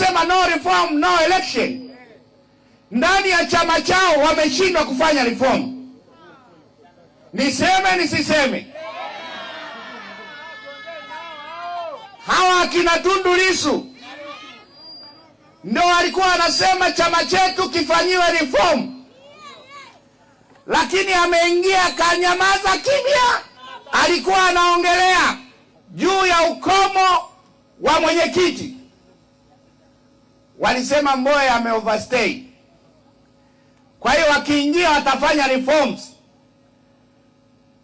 wanaosema no reform no election ndani ya chama chao wameshindwa kufanya reform. Niseme nisiseme, hawa akina Tundu Lissu ndio walikuwa anasema chama chetu kifanyiwe reform, lakini ameingia kanyamaza kimya. Alikuwa anaongelea juu ya ukomo wa mwenyekiti walisema mboya ame overstay. Kwa hiyo wakiingia watafanya reforms.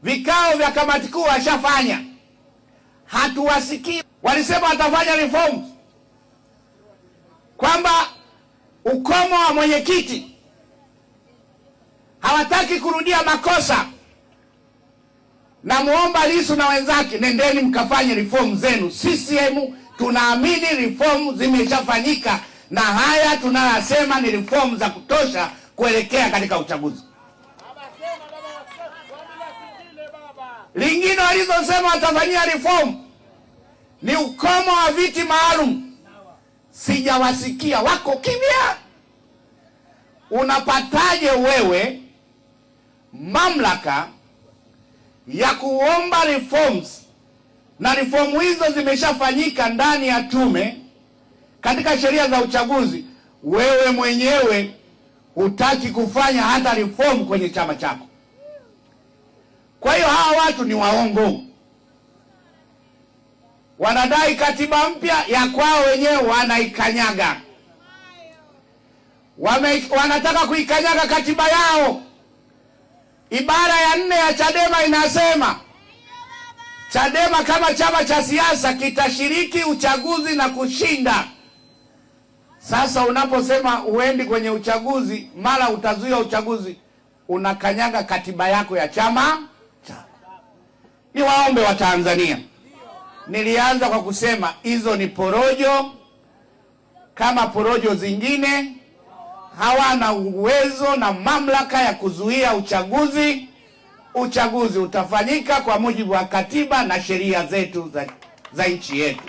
Vikao vya kamati kuu washafanya, hatuwasikii. Walisema watafanya reforms, kwamba ukomo wa mwenyekiti, hawataki kurudia makosa. Namuomba Lissu na wenzake, nendeni mkafanye reform zenu. CCM tunaamini reform zimeshafanyika na haya tunayasema ni reform za kutosha kuelekea katika uchaguzi. Lingine walizosema watafanyia reform ni ukomo wa viti maalum, sijawasikia, wako kimya. Unapataje wewe mamlaka ya kuomba reforms na reform hizo zimeshafanyika ndani ya tume katika sheria za uchaguzi, wewe mwenyewe hutaki kufanya hata reform kwenye chama chako. Kwa hiyo hawa watu ni waongo, wanadai katiba mpya ya kwao wenyewe, wanaikanyaga wame, wanataka kuikanyaga katiba yao. Ibara ya nne ya Chadema inasema Chadema kama chama cha siasa kitashiriki uchaguzi na kushinda. Sasa unaposema uendi kwenye uchaguzi, mara utazuia uchaguzi, unakanyaga katiba yako ya chama chako. Ni waombe wa Tanzania, nilianza kwa kusema hizo ni porojo kama porojo zingine. Hawana uwezo na mamlaka ya kuzuia uchaguzi. Uchaguzi utafanyika kwa mujibu wa katiba na sheria zetu za, za nchi yetu.